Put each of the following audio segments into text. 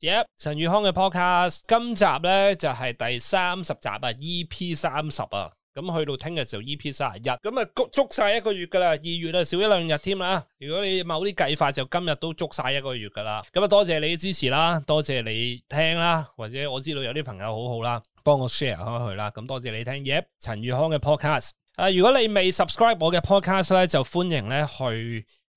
Yep，陳宇康嘅 podcast 今集咧就係、是、第三十集啊，EP 三十啊，咁去到聽日就 EP 三十一，咁啊捉晒一個月噶啦，二月啊少一兩日添啦。如果你某啲計法就今日都捉晒一個月噶啦，咁啊多謝你支持啦，多謝你聽啦，或者我知道有啲朋友好好啦，幫我 share 開去啦，咁多謝你聽。Yep 陳宇康嘅 podcast 啊，如果你未 subscribe 我嘅 podcast 咧，就歡迎咧去。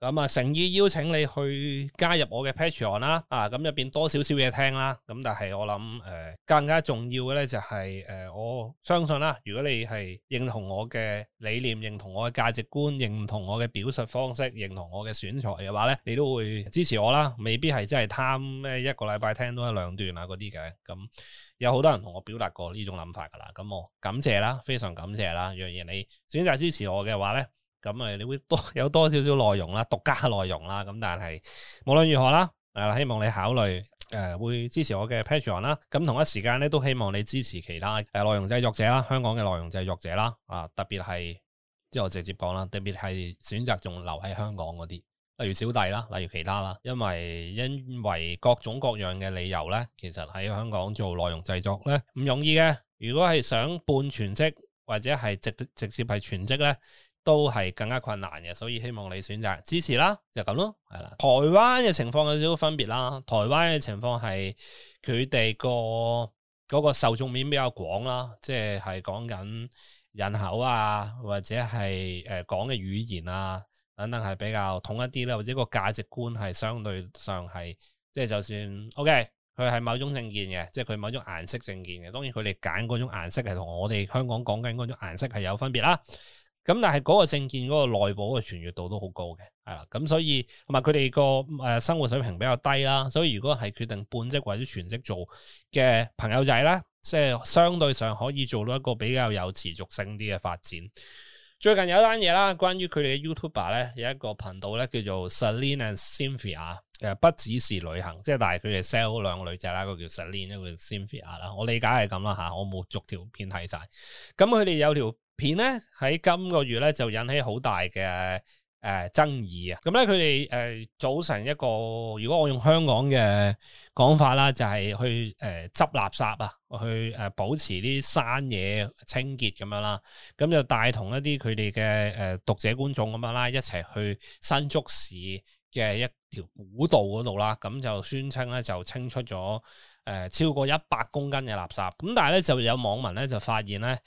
咁啊，誠意邀請你去加入我嘅 Patreon 啦，啊，咁入邊多少少嘢聽啦。咁但係我諗，誒、呃，更加重要嘅咧就係、是，誒、呃，我相信啦，如果你係認同我嘅理念，認同我嘅價值觀，認同我嘅表述方式，認同我嘅選材嘅話咧，你都會支持我啦。未必係真係貪咩一個禮拜聽多一兩段啊，嗰啲嘅。咁有好多人同我表達過呢種諗法噶啦，咁我感謝啦，非常感謝啦。若然你選擇支持我嘅話咧。咁你會多有多少少內容啦，獨家內容啦。咁但係，無論如何啦，希望你考慮誒、呃，會支持我嘅 Patreon 啦。咁同一時間咧，都希望你支持其他誒內容製作者啦，香港嘅內容製作者啦。啊，特別係即係我直接講啦，特別係選擇仲留喺香港嗰啲，例如小弟啦，例如其他啦，因為因為各種各樣嘅理由咧，其實喺香港做內容製作咧唔容易嘅。如果係想半全職或者係直直接係全職咧，都係更加困難嘅，所以希望你選擇支持啦，就咁咯，係啦。台灣嘅情況有少少分別啦，台灣嘅情況係佢哋個嗰個受眾面比較廣啦，即係講緊人口啊，或者係誒講嘅語言啊等等係比較統一啲啦。或者是個價值觀係相對上係即係就算 OK，佢係某種政見嘅，即係佢某種顏色政見嘅。當然佢哋揀嗰種顏色係同我哋香港講緊嗰種顏色係有分別啦。咁但係嗰個政見嗰個內部嘅傳閱度都好高嘅，係啦。咁所以同埋佢哋個誒生活水平比較低啦，所以如果係決定半職或者全職做嘅朋友仔咧，即係相對上可以做到一個比較有持續性啲嘅發展。最近有一單嘢啦，關於佢哋嘅 YouTuber 咧，有一個頻道咧叫做 Seline and Cynthia，誒不只是旅行，即係但係佢哋 sell 兩個女仔啦，一個叫 Seline，一個叫 Cynthia 啦。我理解係咁啦吓，我冇逐條片睇晒。咁佢哋有條。片咧喺今個月咧就引起好大嘅誒、呃、爭議啊！咁咧佢哋誒組成一個，如果我用香港嘅講法啦，就係、是、去誒執、呃、垃圾啊，去誒、呃、保持啲山野清潔咁樣啦。咁就帶同一啲佢哋嘅誒讀者觀眾咁樣啦，一齊去新竹市嘅一條古道嗰度啦。咁就宣稱咧就清出咗誒、呃、超過一百公斤嘅垃圾。咁但係咧就有網民咧就發現咧。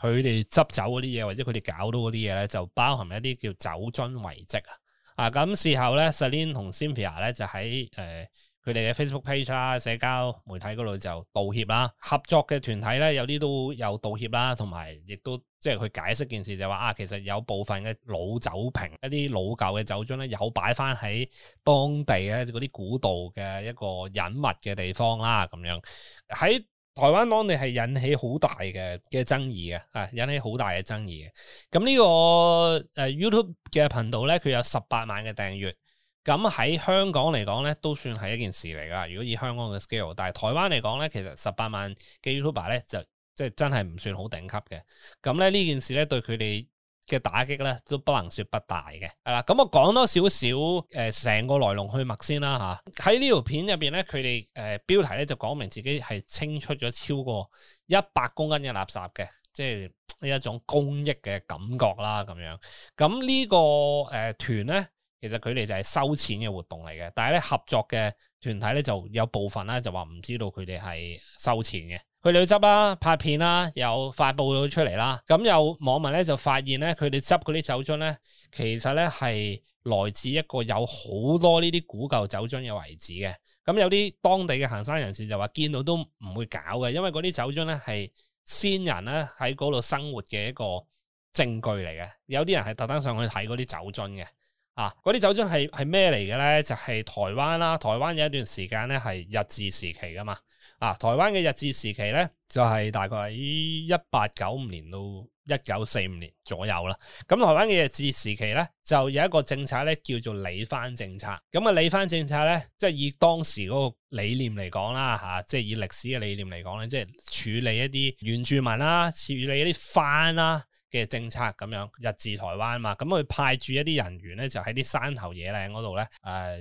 佢哋執走嗰啲嘢，或者佢哋搞到嗰啲嘢咧，就包含一啲叫酒樽遺迹啊！啊咁事後咧 Salin 同 Simphia 咧就喺誒佢、呃、哋嘅 Facebook page 啊、社交媒體嗰度就道歉啦，合作嘅團體咧有啲都有道歉啦，同埋亦都即係佢解釋件事就話啊，其實有部分嘅老酒瓶、一啲老舊嘅酒樽咧，有擺翻喺當地咧嗰啲古道嘅一個隱密嘅地方啦，咁樣喺。台灣當地係引起好大嘅爭議嘅啊，引起好大嘅爭議嘅，咁呢個 YouTube 的頻道呢，佢有十八萬嘅訂閱。咁喺香港來講都算係一件事嚟㗎，如果以香港的 scale，但係台灣來講咧，其實十八萬嘅 YouTuber 咧就、即係、真係唔算好頂級嘅。咁呢件事呢，對佢哋。嘅打擊咧，都不能說不大嘅，係啦。咁我講多少少誒，成個來龍去脈先啦嚇。喺呢條片入面呢，咧，佢哋誒標題咧就講明自己係清出咗超過一百公斤嘅垃圾嘅，即係呢一種公益嘅感覺啦咁樣。咁、這個呃、呢個誒團咧，其實佢哋就係收錢嘅活動嚟嘅，但係咧合作嘅團體咧就有部分啦，就話唔知道佢哋係收錢嘅。佢哋執啦，拍片啦，又發布咗出嚟啦。咁有網民咧就發現咧，佢哋執嗰啲酒樽咧，其實咧係來自一個有好多呢啲古舊酒樽嘅遺址嘅。咁有啲當地嘅行山人士就話見到都唔會搞嘅，因為嗰啲酒樽咧係先人咧喺嗰度生活嘅一個證據嚟嘅。有啲人係特登上去睇嗰啲酒樽嘅。啊，嗰啲酒樽係咩嚟嘅咧？就係，係台灣啦，台灣有一段時間咧係日治時期噶嘛。啊，台灣嘅日治時期咧，就係、是、大概喺一八九五年到一九四五年左右啦。咁台灣嘅日治時期咧，就有一個政策咧，叫做理番政策。咁啊，理番政策咧，即、就、係、是、以當時嗰個理念嚟講啦，嚇、啊，即、就、係、是、以歷史嘅理念嚟講咧，即、就、係、是、處理一啲原住民啦、啊，處理一啲番啦。嘅政策，咁樣日治台灣嘛，咁佢派駐一啲人員咧，就喺啲山頭野嶺嗰度咧，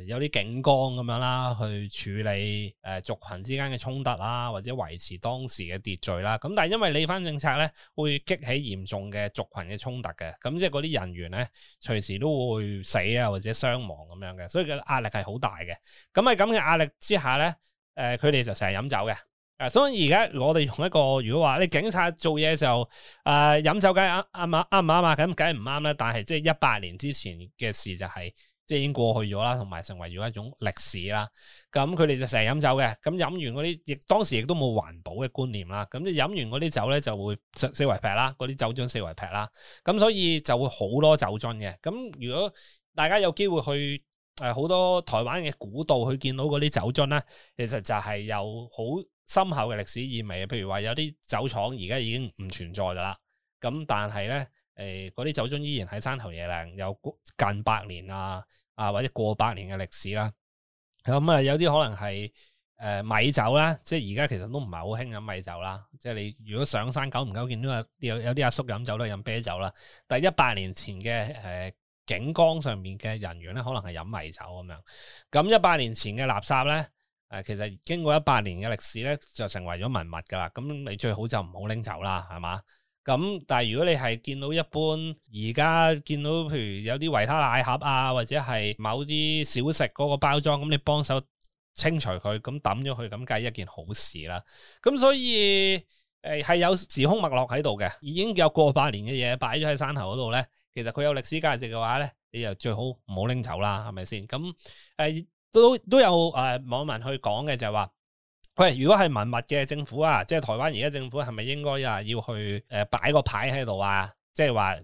有啲警崗咁樣啦，去處理誒、呃、族群之間嘅衝突啦，或者維持當時嘅秩序啦。咁但係因為理番政策咧，會激起嚴重嘅族群嘅衝突嘅，咁即係嗰啲人員咧，隨時都會死啊或者傷亡咁樣嘅，所以嘅壓力係好大嘅。咁喺咁嘅壓力之下咧，佢、呃、哋就成日飲酒嘅。啊、所以而家我哋用一個，如果話你警察做嘢嘅時候，誒、呃，飲酒梗啱啱啱唔啱啊？咁梗係唔啱啦。但係即係一八年之前嘅事就係、是，即係已經過去咗啦，同埋成為咗一種歷史啦。咁佢哋就成日飲酒嘅，咁飲完嗰啲，亦當時亦都冇環保嘅觀念啦。咁你飲完嗰啲酒咧，就會四圍劈啦，嗰啲酒樽四圍劈啦。咁所以就會好多酒樽嘅。咁如果大家有機會去誒，好多台灣嘅古道去見到嗰啲酒樽咧，其實就係有好。深厚嘅歷史意味，譬如話有啲酒廠而家已經唔存在噶啦，咁但係咧，誒，嗰啲酒樽依然喺山頭野嶺，有近百年啊，啊或者過百年嘅歷史啦。咁、嗯、啊，有啲可能係誒、呃、米酒啦，即係而家其實都唔係好興飲米酒啦。即係你如果上山久唔久，見到有有啲阿叔飲酒都係飲啤酒啦。但係一百年前嘅誒、呃、景江上面嘅人員咧，可能係飲米酒咁樣。咁一百年前嘅垃圾咧。誒，其實經過一百年嘅歷史咧，就成為咗文物噶啦。咁你最好就唔好拎走啦，係嘛？咁但係如果你係見到一般，而家見到譬如有啲維他奶盒啊，或者係某啲小食嗰個包裝，咁你幫手清除佢，咁抌咗佢，咁梗係一件好事啦。咁所以誒係、呃、有時空脈絡喺度嘅，已經有過百年嘅嘢擺咗喺山頭嗰度咧。其實佢有歷史價值嘅話咧，你又最好唔好拎走啦，係咪先？咁誒。呃都都有誒、呃、網民去講嘅就係話，喂，如果係文物嘅政府啊，即係台灣而家政府係咪應該啊要去誒、呃、擺個牌喺度啊？即係話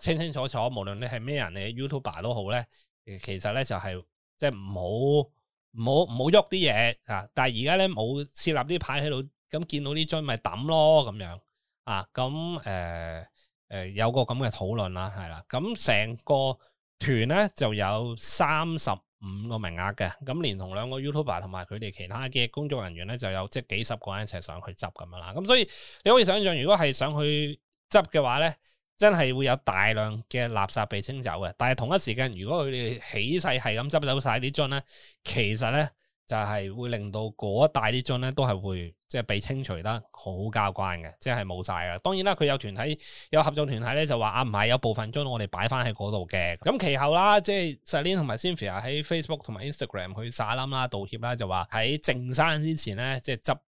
清清楚楚，無論你係咩人，你 YouTuber 都好咧、呃。其實咧就係、是、即係唔好唔好唔好喐啲嘢啊！但係而家咧冇設立啲牌喺度，咁見到啲樽咪抌咯咁樣啊！咁誒誒有個咁嘅討論啦，係啦。咁成個團咧就有三十五個名額嘅，咁連同兩個 YouTuber 同埋佢哋其他嘅工作人員咧，就有即係幾十個人一齊上去執咁樣啦。咁所以你可以想象，如果係上去執嘅話咧，真係會有大量嘅垃圾被清走嘅。但係同一時間，如果佢哋起勢係咁執走晒啲樽咧，其實咧就係會令到嗰一帶啲樽咧都係會。即係被清除得好交關嘅，即係冇晒啦。當然啦，佢有團體有合作團體咧，就話啊唔係有部分樽我哋擺翻喺嗰度嘅。咁其後啦，即係 Selina 同埋 Sophia 喺 Facebook 同埋 Instagram 去撒冧啦，道歉啦，就話喺淨山之前咧，即係執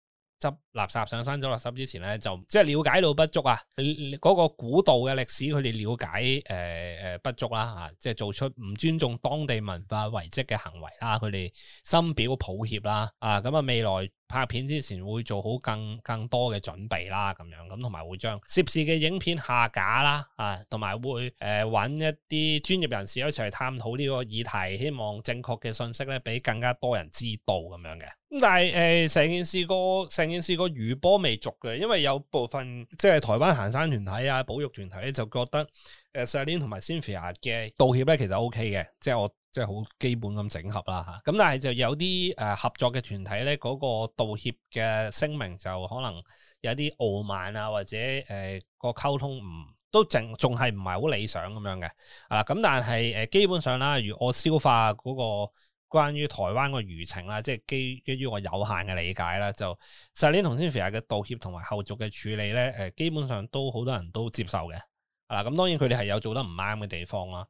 執垃圾上山咗垃圾之前咧，就即係了解到不足啊！嗰、嗰個古道嘅歷史，佢哋了解誒誒、呃、不足啦吓、啊，即係做出唔尊重當地文化遺迹嘅行為啦，佢哋深表抱歉啦。啊，咁啊未來，拍片之前會做好更更多嘅準備啦，咁樣咁同埋會將涉事嘅影片下架啦，啊，同埋會誒揾、呃、一啲專業人士一齊探討呢個議題，希望正確嘅信息咧俾更加多人知道咁樣嘅。咁但係誒成件事個成件事個餘波未續嘅，因為有部分即係台灣行山團體啊、保育團體咧就覺得誒、呃、Selina 同埋 Cynthia 嘅道歉咧其實 O K 嘅，即係我。即係好基本咁整合啦，吓，咁但係就有啲誒合作嘅團體咧，嗰個道歉嘅聲明就可能有啲傲慢啊，或者誒個溝通唔都淨仲係唔係好理想咁樣嘅啊？咁但係誒、呃、基本上啦，如我消化嗰個關於台灣嘅輿情啦，即係基基於我有限嘅理解啦，就上年同前日嘅道歉同埋後續嘅處理咧，誒基本上都好多人都接受嘅啊。咁當然佢哋係有做得唔啱嘅地方啦。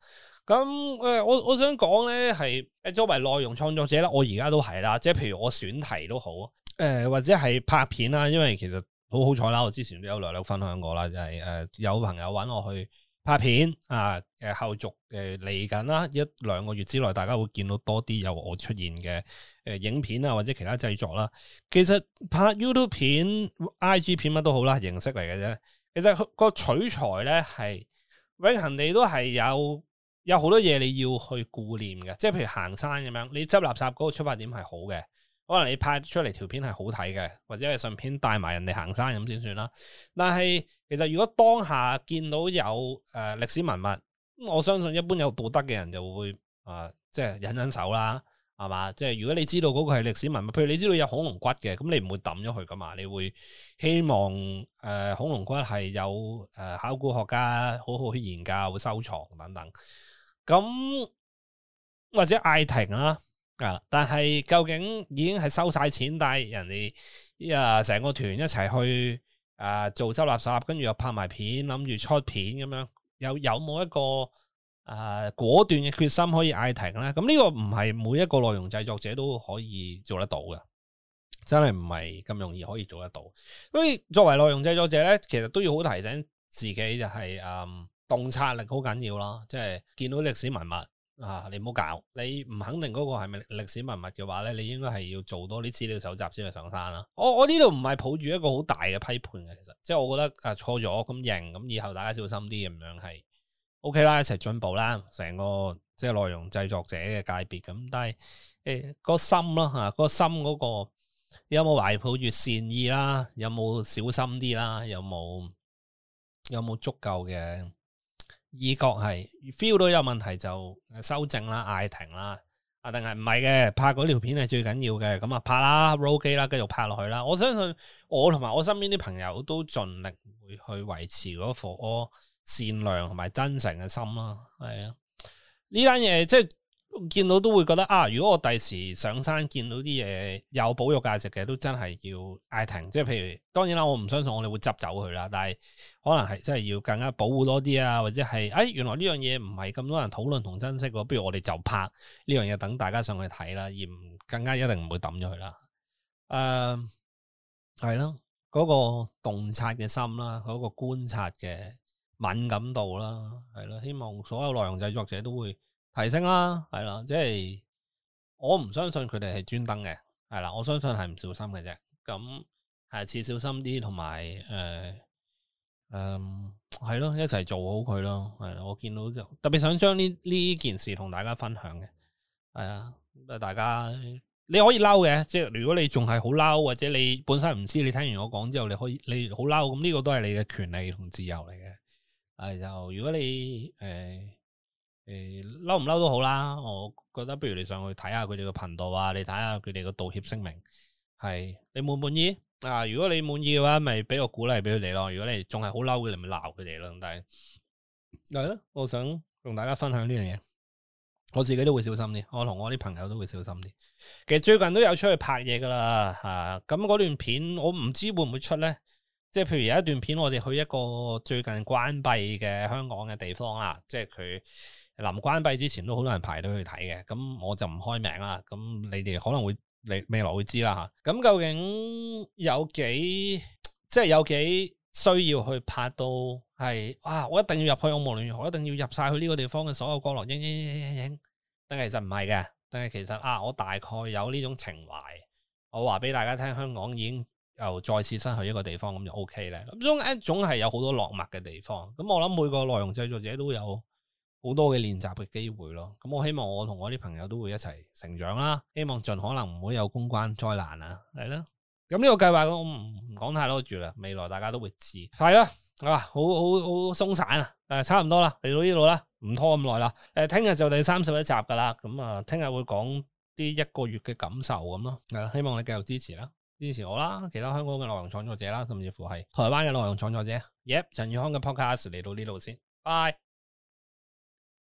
咁、嗯、我我想講咧，係作為內容創作者啦，我而家都係啦，即係譬如我選題都好，誒、呃、或者係拍片啦，因為其實好好彩啦，我之前都有兩兩分享過啦，就係、是、誒、呃、有朋友搵我去拍片啊，誒後續嚟緊啦，一兩個月之內大家會見到多啲有我出現嘅影片啊，或者其他製作啦。其實拍 YouTube 片、IG 片乜都好啦，形式嚟嘅啫。其實個取材咧係永恆地都係有。有好多嘢你要去顧念嘅，即係譬如行山咁樣，你執垃圾嗰個出發點係好嘅，可能你拍出嚟條片係好睇嘅，或者係順便帶埋人哋行山咁先算啦。但係其實如果當下見到有、誒呃、歷史文物，我相信一般有道德嘅人就會誒、呃、即係忍忍手啦，係嘛？即係如果你知道嗰個係歷史文物，譬如你知道有恐龍骨嘅，咁你唔會抌咗佢噶嘛？你會希望誒、呃、恐龍骨係有誒、呃、考古學家好好去研究、會收藏等等。咁或者嗌停啦，啊！但係究竟已經係收晒錢帶，但人哋啊成個團一齊去啊做執垃圾，跟住又拍埋片，諗住出片咁樣，又有冇一個啊果斷嘅決心可以嗌停咧？咁呢個唔係每一個內容製作者都可以做得到嘅，真係唔係咁容易可以做得到。所以作為內容製作者咧，其實都要好提醒自己就係、是、啊。嗯洞察力好緊要咯，即係見到歷史文物啊！你唔好搞，你唔肯定嗰個係咪歷史文物嘅話咧，你應該係要做多啲資料搜集先去上山啦，哦。我我呢度唔係抱住一個好大嘅批判嘅，其實即係我覺得啊錯咗咁認，咁以後大家小心啲咁樣係 O K 啦，一齊進步啦，成個即係內容製作者嘅界別咁。但係，誒、欸個心咯吓，個心嗰，個有冇懷抱住善意啦？有冇小心啲啦？有冇有冇足夠嘅？意覺係 feel 到有問題就修正啦，嗌停啦，啊定係唔係嘅拍嗰條片係最緊要嘅，咁啊拍啦，roll 機啦，繼續拍落去啦。我相信我同埋我身邊啲朋友都盡力會去維持嗰顆善良同埋真誠嘅心咯，係啊，呢單嘢即係。就是見到都會覺得啊，如果我第時上山見到啲嘢，有保育價值嘅，都真係要嗌停。即係譬如，當然啦，我唔相信我哋會執走佢啦。但係可能係真係要更加保護多啲啊，或者係誒、哎，原來呢樣嘢唔係咁多人討論同珍惜嘅，不如我哋就拍呢樣嘢，等大家上去睇啦，而唔更加一定唔會抌咗佢啦。誒、呃，係咯，嗰個洞察嘅心啦，嗰個觀察嘅敏感度啦，係咯，希望所有內容製作者都會。提升啦，係啦，即係我唔相信佢哋係專登嘅，係啦，我相信係唔小心嘅啫。咁下次小心啲，同埋誒，嗯，係咯，一齊做好佢咯。係我見到就特別想將呢呢件事同大家分享嘅，係啊，大家你可以嬲嘅，即係如果你仲係好嬲，或者你本身唔知，你聽完我講之後，你可以你好嬲，咁呢個都係你嘅權利同自由嚟嘅。係，就如果你誒。呃誒，嬲唔嬲都好啦，我覺得不如你上去睇下佢哋嘅頻道啊，你睇下佢哋嘅道歉聲明，係你滿唔滿意啊？如果你滿意嘅話，咪俾個鼓勵俾佢哋咯。如果你仲係好嬲嘅，你咪鬧佢哋咯。但係係咯，的我想同大家分享呢樣嘢，我自己都會小心啲，我同我啲朋友都會小心啲。其實最近都有出去拍嘢噶啦，吓，咁嗰段片我唔知會唔會出咧，即係譬如有一段片我哋去一個最近關閉嘅香港嘅地方啦，即係佢。臨關閉之前都好多人排隊去睇嘅，咁我就唔開名啦。咁你哋可能會，未來會知啦吓。咁究竟有幾，即係有幾需要去拍到係，哇！我一定要入去，我無論如何我一定要入晒去呢個地方嘅所有角落影影影影影影，但係其實唔係嘅，但係其實啊，我大概有呢種情懷。我話俾大家聽，香港已經又再次失去一個地方，咁就 O K 啦。咁中間總係有好多落寞嘅地方。咁我諗每個內容製作者都有。好多嘅練習嘅機會咯，咁我希望我同我啲朋友都會一齊成長啦，希望盡可能唔會有公關災難啊，係啦。咁呢個計劃我唔講太多住啦，未來大家都會知係啦。啊，好好好鬆散啊，誒，差唔多啦，嚟到呢度啦，唔拖咁耐啦。誒，聽日就第三十一集噶啦，咁啊，聽日會講啲一個月嘅感受咁咯。係啦，希望你繼續支持啦，支持我啦，其他香港嘅內容創作者啦，甚至乎係台灣嘅內容創作者。Yep，陳宇康嘅 podcast 嚟到呢度先，拜。